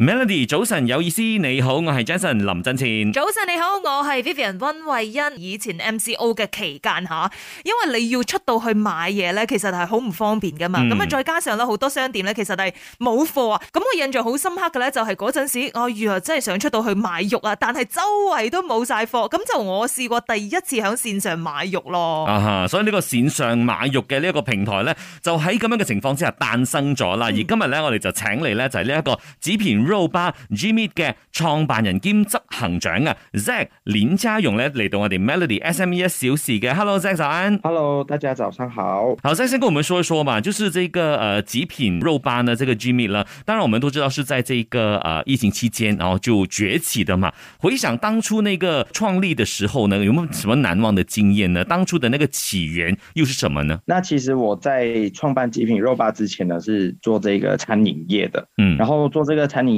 Melody，早晨有意思，你好，我係 Jason 林振前。早晨你好，我係 Vivian 溫慧欣。以前 MCO 嘅期間吓，因為你要出到去買嘢咧，其實係好唔方便噶嘛。咁、嗯、啊，再加上咧好多商店咧，其實係冇貨啊。咁、那、我、個、印象好深刻嘅咧，就係嗰陣時我原嚟真係想出到去買肉啊，但係周圍都冇晒貨，咁就我試過第一次響線上買肉咯。啊哈，所以呢個線上買肉嘅呢一個平台咧，就喺咁樣嘅情況之下誕生咗啦。而今日咧，我哋就請嚟咧就係呢一個紙片。肉吧 Jimmy 嘅創辦人兼執行長啊，Z 林家雄咧嚟到我哋 Melody SME 一小時嘅，Hello Z 早安。h e l l o 大家早上好。好，再先跟我們說一說嘛，就是這個呃，極品肉吧呢，這個 Jimmy 啦，當然我們都知道是在這個呃，疫情期間，然、哦、後就崛起的嘛。回想當初那個創立的時候呢，有沒有什麼難忘的經驗呢？當初的那個起源又是什麼呢？那其實我在創辦極品肉吧之前呢，是做這個餐飲業的，嗯，然後做這個餐飲。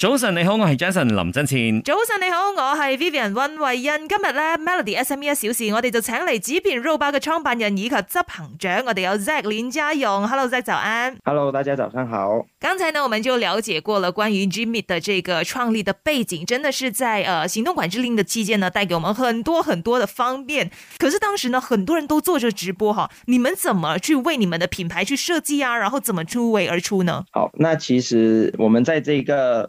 早晨你好，我係 Jason 林振倩。早晨你好，我係 Vivian 溫慧欣。今日咧 Melody S M E 一小時，我哋就請嚟極品肉包嘅創辦人以及執行長，我哋有 Zack 林家勇。Hello，Zack，早安。Hello，大家早上好。剛才呢，我們就了解過了關於 GMeat 的這個創立的背景，真的是在誒、呃、行動管制令的期間呢，帶給我們很多很多的方便。可是當時呢，很多人都做着直播哈，你們怎麼去為你們的品牌去設計啊？然後怎麼突圍而出呢？好，那其實我們在這個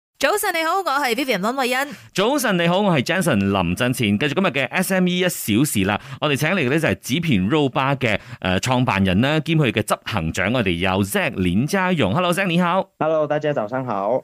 早晨你好，我係 Vivian 溫慧欣。早晨你好，我係 Jenson 林振前。繼續今日嘅 SME 一小時啦，我哋請嚟嘅呢就係紙片 ro 吧嘅誒，創辦人啦，兼佢嘅執行長，我哋有 Z 連嘉榮。Hello，Z 你好。Hello，大家早上好。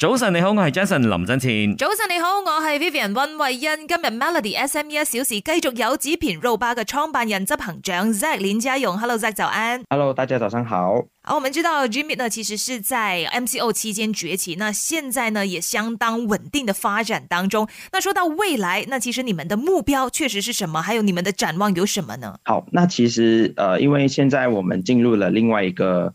早晨，你好，我係 Jason 林振前。早晨，你好，我係 Vivian 温慧欣。今日 Melody SME 一小時繼續有極品肉吧嘅創辦人執行長 Zack 林家勇。Hello Zack，早安。Hello，大家早上好。啊，我們知道 Jimmy 呢其實是在 MCO 期間崛起，那現在呢也相當穩定的發展當中。那說到未來，那其實你們的目標確實是什麼？還有你們的展望有什麼呢？好、oh，那其實，誒，呃，因為現在我們進入了另外一個，